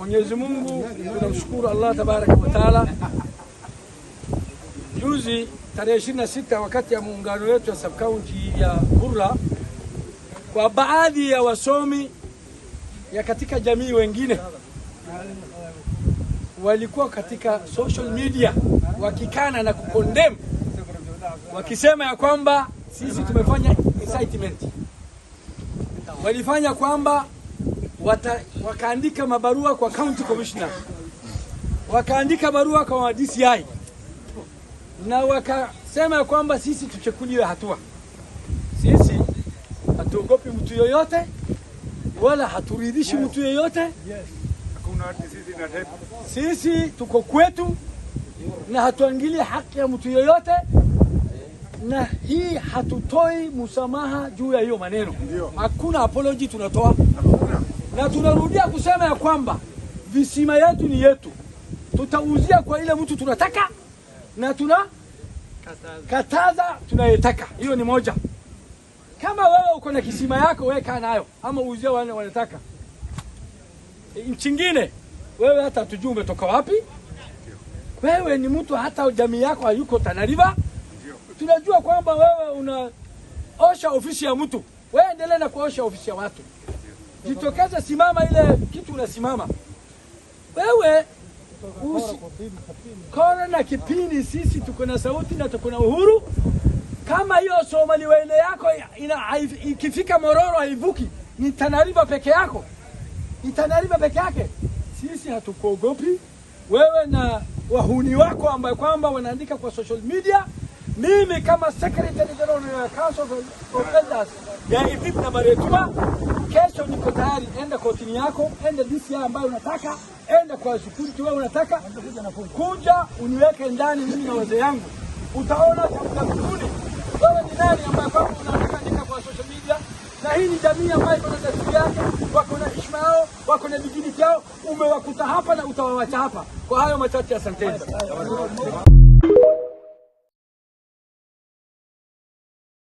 Mwenyezi Mungu tunamshukuru Allah tabaraka wa taala. Juzi tarehe ishirini na sita wakati ya muungano wetu ya sub county ya Burra, kwa baadhi ya wasomi ya katika jamii wengine walikuwa katika social media wakikana na kukondem, wakisema ya kwamba sisi tumefanya incitement, walifanya kwamba wata, wakaandika mabarua kwa county commissioner, wakaandika barua kwa DCI na wakasema ya kwamba sisi tuchukuliwe hatua. Sisi hatuogopi mtu yoyote wala haturidhishi mtu yoyote. Sisi tuko kwetu na hatuangili haki ya mtu yoyote, na hii hatutoi msamaha juu ya hiyo maneno. Hakuna apology tunatoa tunarudia kusema ya kwamba visima yetu ni yetu, tutauzia kwa ile mtu tunataka na tuna kataza, tunayetaka. Hiyo ni moja. Kama wewe uko na kisima yako, wewe kaa nayo ama uuzia wale wanataka. E, Nchingine wewe hata tujue umetoka wapi. Wewe ni mtu hata jamii yako hayuko Tanariva, tunajua kwamba wewe unaosha ofisi ya mtu, wewe endelee na kuosha ofisi ya watu jitokeze, simama ile kitu unasimama wewe usi kora na kipini. Sisi tuko na sauti na tuko na uhuru. Kama hiyo Somali waile yako ina, ikifika Mororo haivuki ni Tanariva peke yako, ni Tanariva peke yake. Sisi hatukuogopi wewe na wahuni wako ambayo kwamba wanaandika kwa social media. Mimi kama secretary general ya Council of Elders ya Ifip na Baretua hakikisha niko tayari, enda kotini yako, enda DCI ambayo unataka, enda kwa security wewe unataka kuja uniweke ndani mimi na wazee yangu, utaona chakutazuni wewe ni nani ambaye kwamba unaandika kwa social media. Na hii ni jamii ambayo iko na desturi yake, wako na heshima yao, wako na bidii yao. Umewakuta hapa na utawawacha hapa. Kwa hayo machache, asanteni.